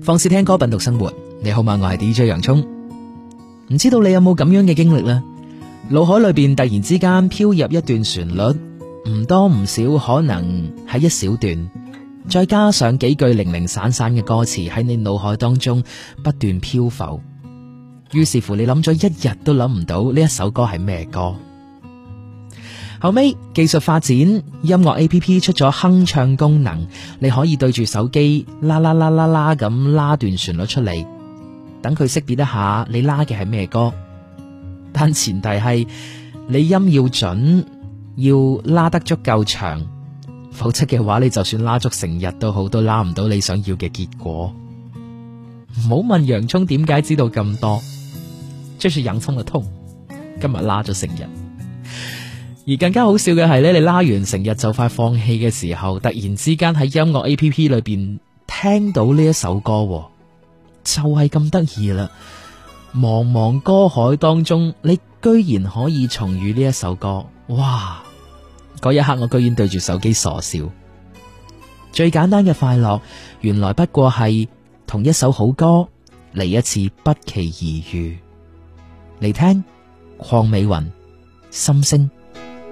放肆聽歌品讀生活，你好嗎？我係 DJ 洋葱，唔知道你有冇咁樣嘅經歷呢？腦海裏邊突然之間飄入一段旋律，唔多唔少，可能係一小段，再加上幾句零零散散嘅歌詞喺你腦海當中不斷飄浮，於是乎你諗咗一日都諗唔到呢一首歌係咩歌。後尾技術發展，音樂 A P P 出咗哼唱功能，你可以對住手機啦啦啦啦啦咁拉，拉，拉，拉，拉，拉段旋律出嚟，等佢識別一下你拉嘅係咩歌。但前提係你音要準，要拉得足夠長，否則嘅話你就算拉足成日都好，都拉唔到你想要嘅結果。唔好問洋葱點解知道咁多，即係洋葱嘅痛。今日拉咗成日。而更加好笑嘅係咧，你拉完成日就快放棄嘅時候，突然之間喺音樂 app 裏邊聽到呢一首歌，就係咁得意啦！茫茫歌海當中，你居然可以重遇呢一首歌，哇！嗰一刻我居然對住手機傻笑。最簡單嘅快樂，原來不過係同一首好歌嚟一次不期而遇。嚟聽鄺美雲心聲。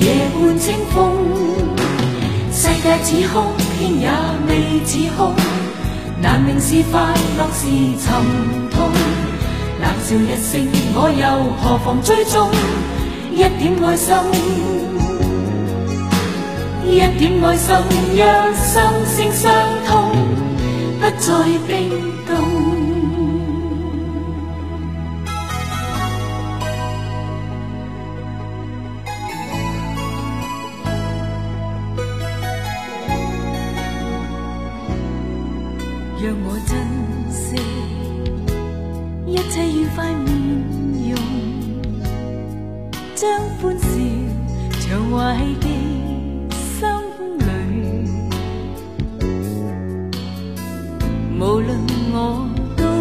夜半清風，世界似空，天也未似空。難明是快樂是沉痛，冷笑一聲，我又何妨追蹤，一點愛心，一點愛心，讓心聲相通，不再冰凍。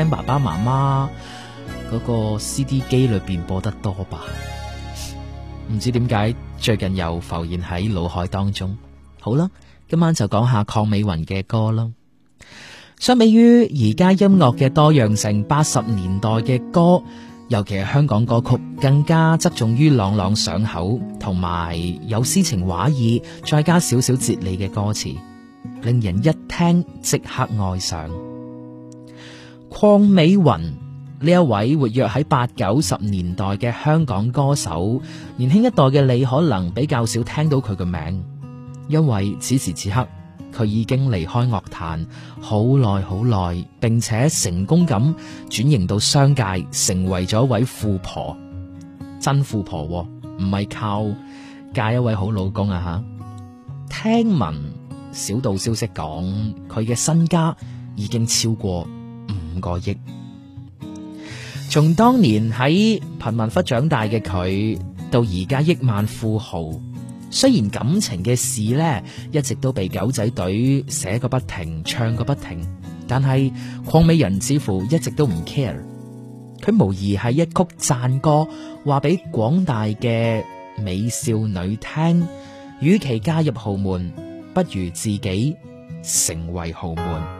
聽爸爸媽媽嗰個 CD 機裏邊播得多吧？唔知點解最近又浮現喺腦海當中。好啦，今晚就講下鄺美雲嘅歌啦。相比於而家音樂嘅多樣性，八十年代嘅歌，尤其係香港歌曲，更加側重於朗朗上口，同埋有詩情畫意，再加少少哲理嘅歌詞，令人一聽即刻愛上。鄺美雲呢一位活躍喺八九十年代嘅香港歌手，年輕一代嘅你可能比較少聽到佢嘅名，因為此時此刻佢已經離開樂壇好耐好耐，並且成功咁轉型到商界，成為咗一位富婆，真富婆啊，唔係靠嫁一位好老公啊吓！聽聞小道消息講，佢嘅身家已經超過五個億，從當年喺貧民窟長大嘅佢，到而家億萬富豪，雖然感情嘅事呢，一直都被狗仔隊寫個不停，唱個不停，但係鄺美雲似乎一直都唔 care。佢無疑係一曲讚歌，話俾廣大嘅美少女聽：與其加入豪門，不如自己成為豪門。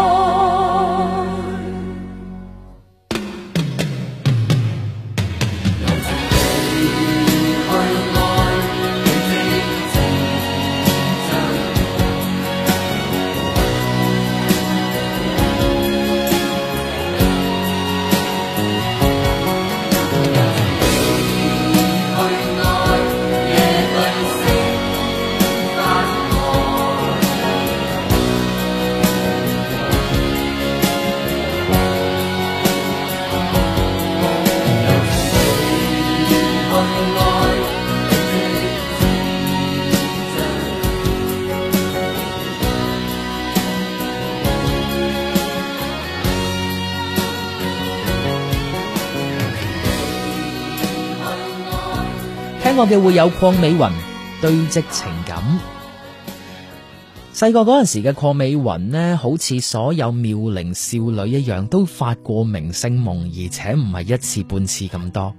嘅 會有鄺美雲堆積情感。細個嗰陣時嘅鄺美雲呢，好似所有妙齡少女一樣，都發過明星夢，而且唔係一次半次咁多。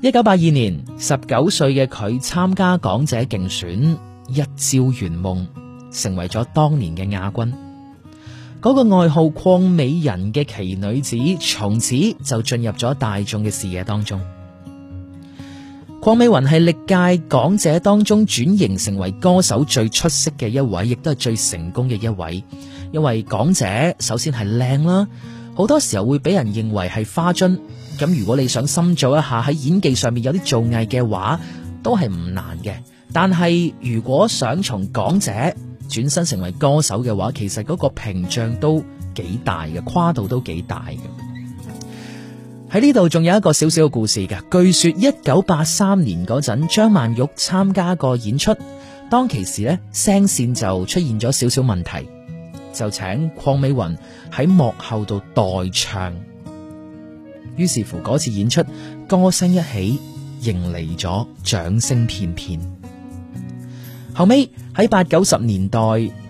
一九八二年，十九歲嘅佢參加港姐競選，一朝圓夢，成為咗當年嘅亞軍。嗰、那個外號鄺美人嘅奇女子，從此就進入咗大眾嘅視野當中。鄺美雲係歷屆港姐當中轉型成為歌手最出色嘅一位，亦都係最成功嘅一位。因為港姐首先係靚啦，好多時候會俾人認為係花樽。咁如果你想深造一下喺演技上面有啲造詣嘅話，都係唔難嘅。但係如果想從港姐轉身成為歌手嘅話，其實嗰個屏障都幾大嘅，跨度都幾大嘅。喺呢度仲有一個少少嘅故事嘅，據說一九八三年嗰陣，張曼玉參加過演出，當其時呢聲線就出現咗少少問題，就請鄺美雲喺幕後度代唱。於是乎嗰次演出，歌聲一起，迎嚟咗掌聲片片。後尾喺八九十年代，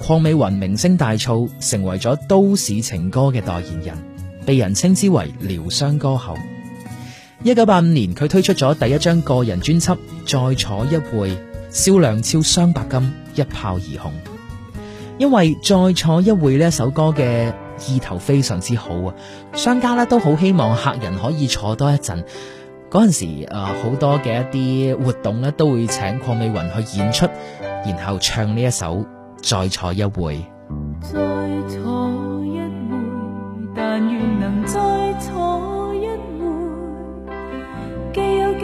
鄺美雲名聲大噪，成為咗都市情歌嘅代言人。被人稱之為療傷歌後，一九八五年佢推出咗第一張個人專輯《再坐一會》，銷量超雙白金，一炮而紅。因為《再坐一會》呢首歌嘅意頭非常之好啊，商家咧都好希望客人可以坐多一陣。嗰陣時，誒、啊、好多嘅一啲活動咧都會請鄺美雲去演出，然後唱呢一首《再坐一會》。再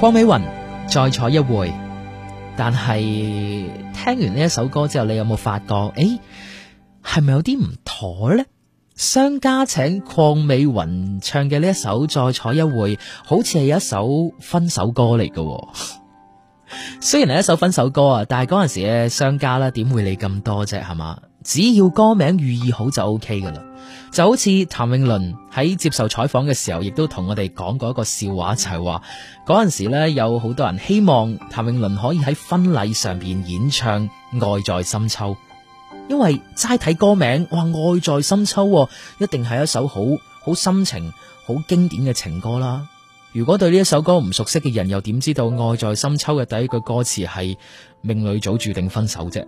鄺美雲再坐一會。但係聽完呢一首歌之後，你有冇發覺？誒、欸，係咪有啲唔妥呢？商家請鄺美雲唱嘅呢一首《再坐一會》，好似係一首分手歌嚟嘅，哦。 雖然係一首分手歌啊，但係嗰陣時嘅商家啦，點會理咁多啫？係嘛。只要歌名寓意好就 OK 噶啦，就好似譚詠麟喺接受採訪嘅時候，亦都同我哋講過一個笑話，就係話嗰陣時咧，有好多人希望譚詠麟可以喺婚禮上邊演唱《愛在深秋》，因為齋睇歌名，哇，《愛在深秋》一定係一首好好深情、好經典嘅情歌啦。如果對呢一首歌唔熟悉嘅人，又點知道《愛在深秋》嘅第一句歌詞係命裏早注定分手啫？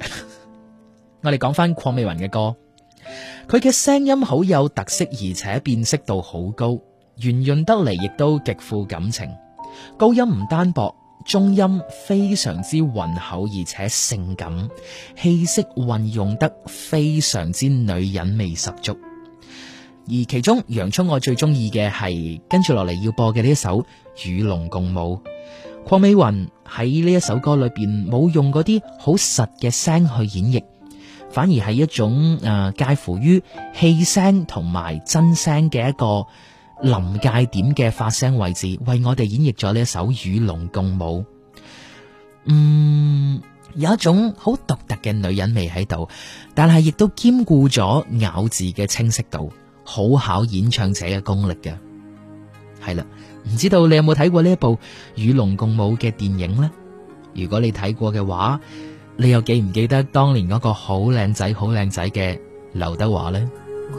我哋講翻鄺美雲嘅歌，佢嘅聲音好有特色，而且辨識度好高，圓潤得嚟，亦都極富感情。高音唔單薄，中音非常之渾厚，而且性感，氣息運用得非常之女人味十足。而其中，洋蔥我最中意嘅係跟住落嚟要播嘅呢一首《與龍共舞》。鄺美雲喺呢一首歌裏邊冇用嗰啲好實嘅聲去演繹。反而係一種誒、呃、介乎於氣聲同埋真聲嘅一個臨界點嘅發聲位置，為我哋演繹咗呢一首《與龍共舞》。嗯，有一種好獨特嘅女人味喺度，但係亦都兼顧咗咬字嘅清晰度，好考演唱者嘅功力嘅。係啦，唔知道你有冇睇過呢一部《與龍共舞》嘅電影呢？如果你睇過嘅話。你又記唔記得當年嗰個好靚仔、好靚仔嘅劉德華呢？我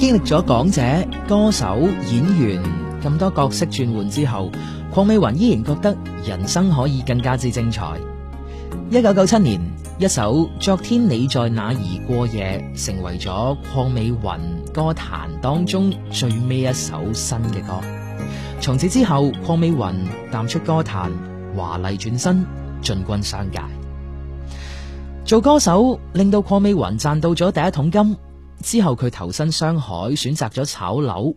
經歷咗港姐、歌手、演員咁多角色轉換之後，鄺美雲依然覺得人生可以更加之精彩。一九九七年，一首《昨天你在哪兒過夜》成為咗鄺美雲歌壇當中最尾一首新嘅歌。從此之後，鄺美雲淡出歌壇，華麗轉身進軍商界。做歌手令到鄺美雲賺到咗第一桶金。之後佢投身商海，選擇咗炒樓。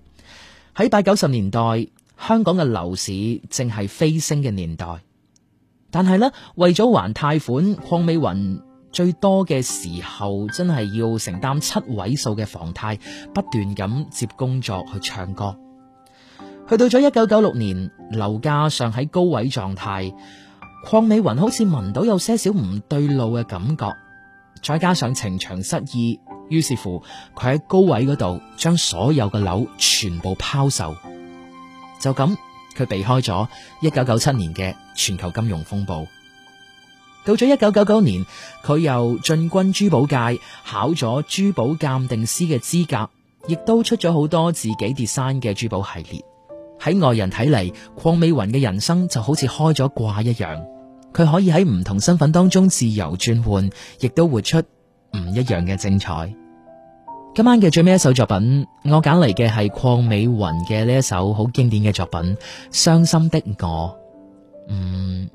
喺八九十年代，香港嘅樓市正係飛升嘅年代。但係呢，為咗還貸款，鄺美雲最多嘅時候真係要承擔七位數嘅房貸，不斷咁接工作去唱歌。去到咗一九九六年，樓價尚喺高位狀態，鄺美雲好似聞到有些少唔對路嘅感覺，再加上情場失意。於是乎，佢喺高位嗰度將所有嘅樓全部拋售，就咁佢避開咗一九九七年嘅全球金融風暴。到咗一九九九年，佢又進軍珠寶界，考咗珠寶鑑定師嘅資格，亦都出咗好多自己 design 嘅珠寶系列。喺外人睇嚟，鄺美雲嘅人生就好似開咗掛一樣，佢可以喺唔同身份當中自由轉換，亦都活出唔一樣嘅精彩。今晚嘅最尾一首作品，我揀嚟嘅係鄺美雲嘅呢一首好經典嘅作品《傷心的我》。嗯，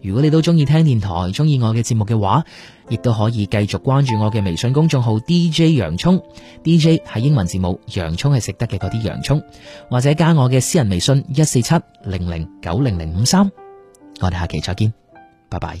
如果你都中意聽電台，中意我嘅節目嘅話，亦都可以繼續關注我嘅微信公眾號 DJ 洋蔥，DJ 係英文字母，洋蔥係食得嘅嗰啲洋蔥，或者加我嘅私人微信一四七零零九零零五三。我哋下期再見，拜拜。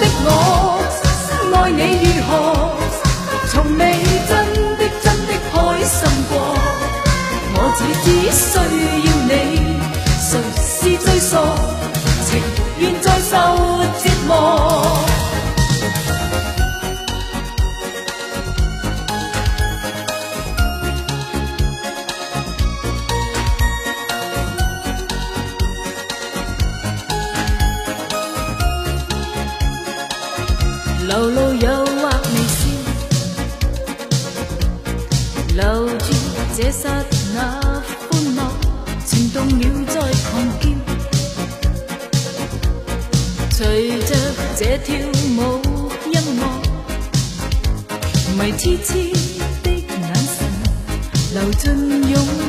的我愛你如何，從未真的真的開心過。我只只需要你，誰是追鎖，情願再受折磨。這跳舞音樂，迷痴痴的眼神，流進湧。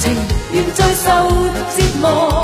情願再受折磨。